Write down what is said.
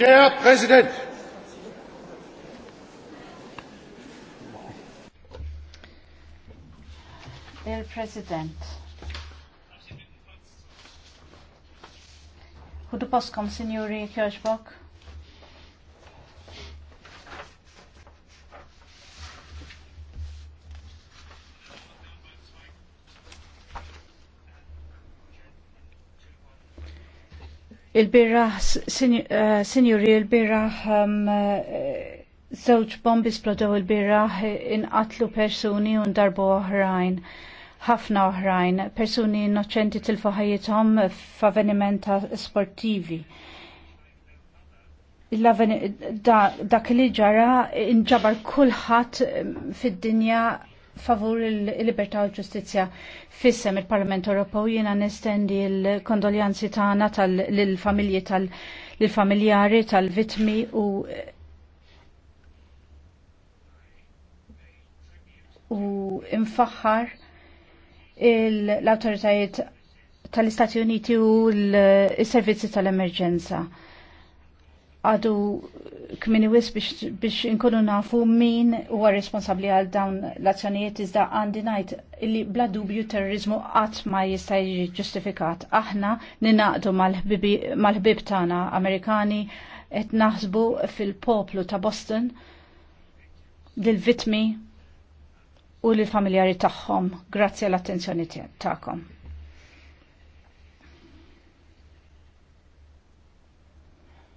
Der Präsident. Il-President. Hudu Signori Kjoġbok? Il-birraħ, sinjuri, eh, il-birraħ żewġ um, eh, bombi splodew il-birraħ inqatlu persuni u darbu oħrajn, ħafna oħrajn, persuni innoċenti til-fuħajietom f'avvenimenta sportivi. Dak li ġara inġabar kulħadd fid-dinja favur il-libertà u ġustizja fissem il-Parlament Ewropew jiena nestendi l-kondoljanzi tagħna tal-familji tal-familjari tal-vitmi u u infaħħar l-autoritajiet tal-Istati Uniti u l-servizzi tal-emerġenza għadu kmini wis biex inkunu nafu min huwa responsabli għal dawn l-azzjonijiet iżda għandi ngħid li bla dubju terrorizmu qatt ma jista' jiġi ġustifikat. Aħna ninaqdu mal-ħbib tagħna Amerikani qed naħsbu fil-poplu ta' Boston dil vitmi u lill-familjari tagħhom. Grazzi għall-attenzjoni tagħkom.